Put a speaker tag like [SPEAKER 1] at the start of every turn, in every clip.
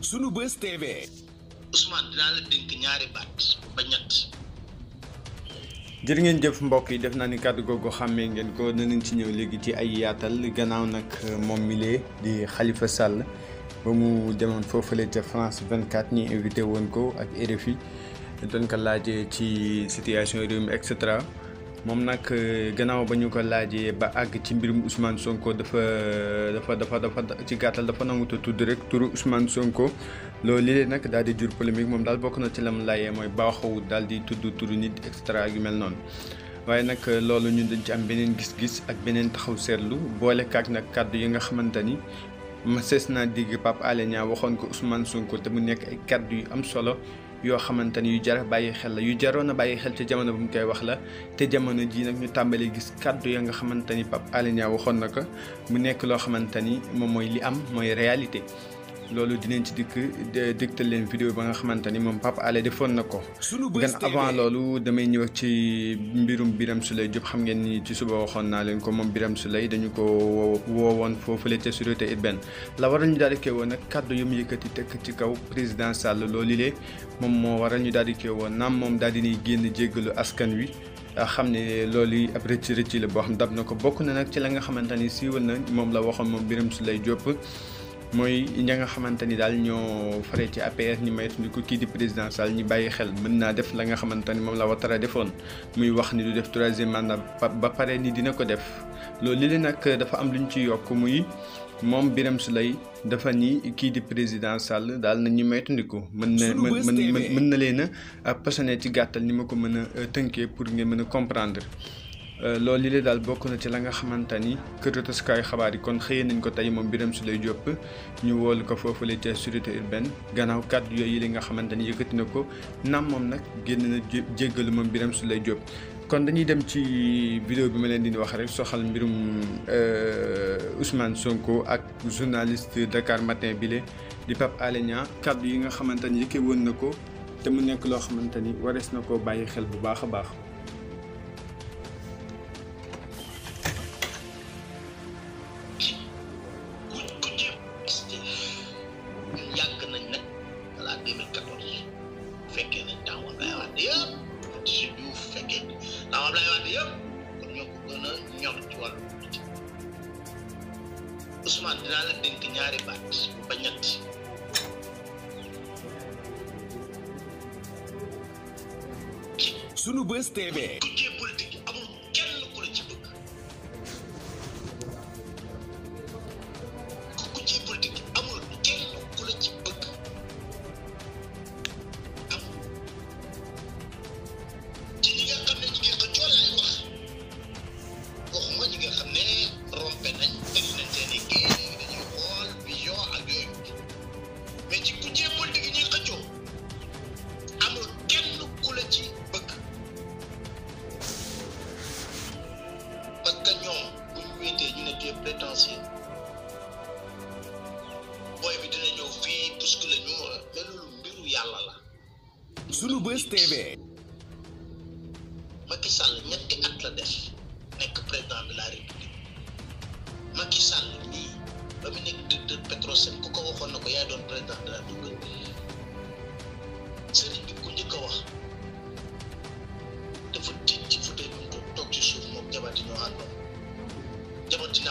[SPEAKER 1] sunu bës TV.
[SPEAKER 2] Ousmane dinaa la dénk
[SPEAKER 1] ñaari baat ba ñett. jërë ngeen jëf mbokk yi def naa ni kàddu googu xàmmee ngeen ko danañ ci ñëw léegi ci ay yaatal gannaaw nag euh, moom milee di xalifa Sall ba mu demoon foofale ca France 24 ñi invité woon ko ak RFI doon ko laajee ci situation réew mi et cetera. moom nag euh, gannaaw ba ñu ko laajee ba àgg ci mbir mbirum Ousmane Sonko dafa dafa dafa dafa ci gàttal dafa nangut a tudd rek turu Ousmane Sonko loolu lii nag daal di jur polémique moom daal bokk na ci lam laayee mooy baaxawut daal di tudd turu nit et cetera yu mel noonu. waaye nag euh, loolu ñu dañ ci am beneen gis-gis ak beneen taxaw seetlu boole kaak nag kàddu yi nga xamante ni ma sees naa digg Pape Alé waxoon ko Ousmane Sonko te mu nekk ay kàddu yu am solo. yoo xamante ni yu jar bàyyi xel la yu jaroon a bàyyi xel ci jamono bu mu koy wax la te jamono jii nag ñu tàmbalee gis kàddu ya nga xamante ni Pape Alé waxoon na ko mu nekk loo xamante ni moom mooy li am mooy réalité. loolu dinañ ci dikk dégtal leen vidéo ba nga xamante ni moom Pape Alé defoon na ko. gan avant loolu damay ñëw ci mbirum Birame Souleye Diop xam ngeen ni ci suba waxoon naa leen ko moom Birame Souleye dañu ko woo woowoon foofule ca sûreté urbaine. la waral ñu daal di woon nag kàddu yu mu yëkkati tekk ci kaw président Sall loolu lee moom moo waral ñu daal woon naam moom daal di ñuy génn jéggalu askan wi. xam ne loolu yi ab rëcc rëcc la boo xam dab na ko bokk na nag ci la nga xamante ni siiwal na moom la waxoon moom biram su lay Diop. mooy ña nga xamante ni daal ñoo fare ci APR ñi maytandiku kii di président Sall ñi bàyyi xel mën naa def la nga xamante ni moom la Ouattara defoon muy wax ni du def troisième mandat ba pare ni dina ko def loolu li nag dafa am lu ñu ci yokk muy moom Birame Souleye dafa ni kii di président Sall daal na ñu maytandiku mën na mën mën na leen a ci gàttal ni ma ko mën a euh, tënkee pour ngeen mën a comprendre Euh, loolu li daal bokk na ci la nga xamante ni këru taskaayu xabaar yi kon xëyee nañ ko tey moom biram su lay Diop ñu woolu ko foofu foofule ca sûreté urbaine gannaaw kàddu yi li nga xamante ni yëkkati na ko naam moom nag génn na jéggalu moom biram su lay Diop. kon dañuy dem ci vidéo bi ma leen dindi wax rek soxal mbirum euh, Ousmane Sonko ak journaliste Dakar Matin bile di Pape Alé kàddu yi nga xamante ni yëkkee woon na ko te mu nekk loo xamante ni warees na ko bàyyi xel bu baax a baax.
[SPEAKER 3] sunu bës TV.
[SPEAKER 2] que ñoom bu ñu la ñu mais loolu mbiru at la def nekk président de la république Macky Sall ba mu nekk directeur Petrosen ku ko waxoon na ko yaay doon président de la république sëriñ ku njëkk wax.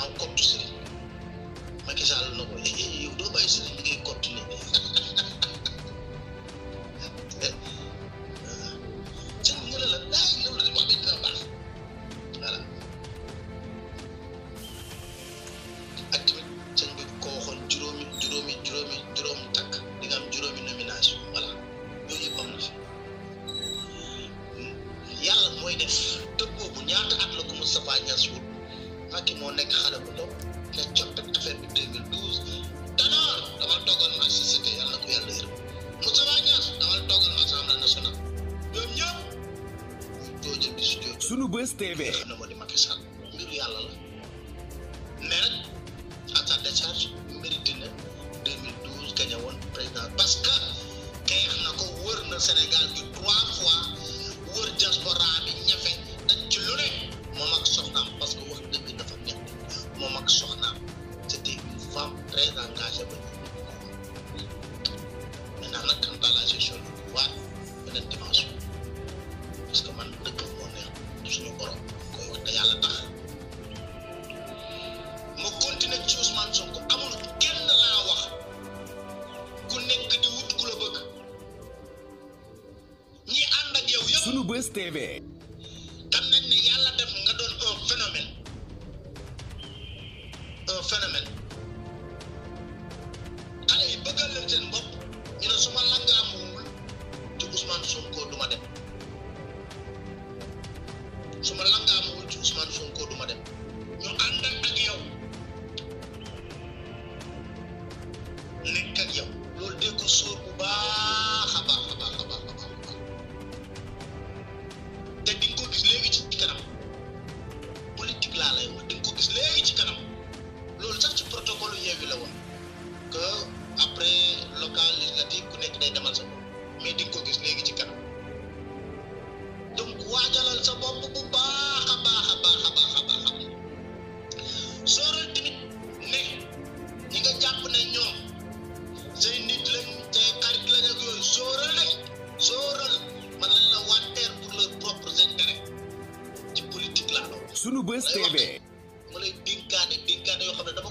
[SPEAKER 2] am compte Serigne Macky Sall na ko yow doo bàyyi Serigne
[SPEAKER 3] sunu bës TV sunu bës TV.
[SPEAKER 2] xam nañ ne yàlla def nga doon un phénomène un phénomène xale yi bëggal seen bopp ñu ne su ma langaamuwul ci Ousmane dem su ma langaamuwul ci Ousmane dem.
[SPEAKER 3] Buzz TV.
[SPEAKER 2] ma lay dénkaane dénkaane yoo xam ne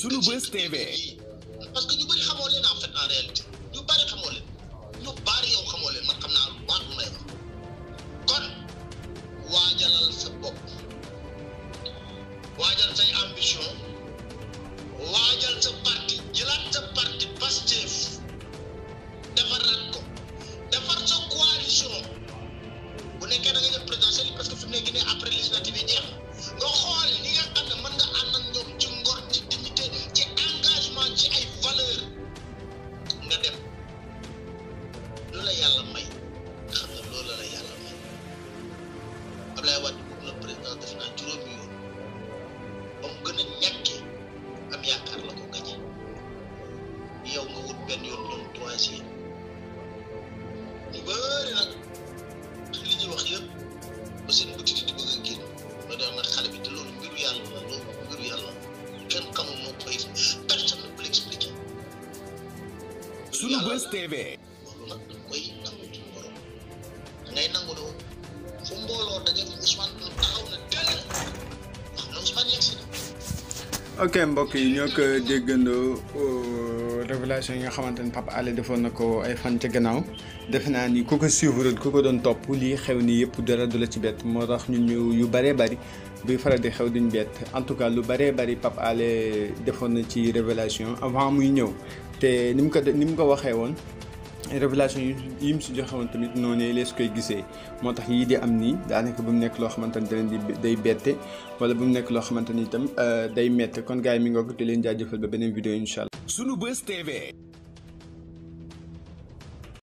[SPEAKER 3] sunu Buzz TV.
[SPEAKER 2] parce que ñu bëri xamoo leen en fait en réalité ñu bëri xamoo leen yow xamoo leen man xam naa lu baax lu may wax kon waajalal sa bopp waajal say ambition waajal sa parti jëlaat sa parti. ci ñu bëri nag li ñuy wax yëpp ba seen bëti di bëgg na xale bi te loolu mbiru yàlla la loolu mbiru yàlla kenn xamul moo koy personne ne peut l'expliquer
[SPEAKER 3] sunu Buzz TV
[SPEAKER 2] nangu ci fu mbooloo daje Ousmane taxaw na
[SPEAKER 1] na Ousmane ok mbokk yi ñoo ko déggandoo euh, révélation yi nga xamante ni Pape Alé defoon na ko ay fan ca gannaaw defe naa ni ku ko suivre ku ko doon topp lii xew nii yëpp dara du la ci bett moo tax ñu ñu yu bëree bari buy faral di xew duñ bett en tout cas lu bëree bari Pape Alé defoon na ci révélation avant muy ñëw te ni mu ko ni mu ko waxee woon. révélation yi mu si joxewoon tamit noonu su koy gisee moo tax yii di am nii daanaka bu mu nekk loo xamante ni da leen di day bette wala bu mu nekk loo xamante ni itam euh, day mette kon gars yi mi nga ko di leen jaajëfal ba beneen vidéo incha allah.
[SPEAKER 3] sunu bés TV.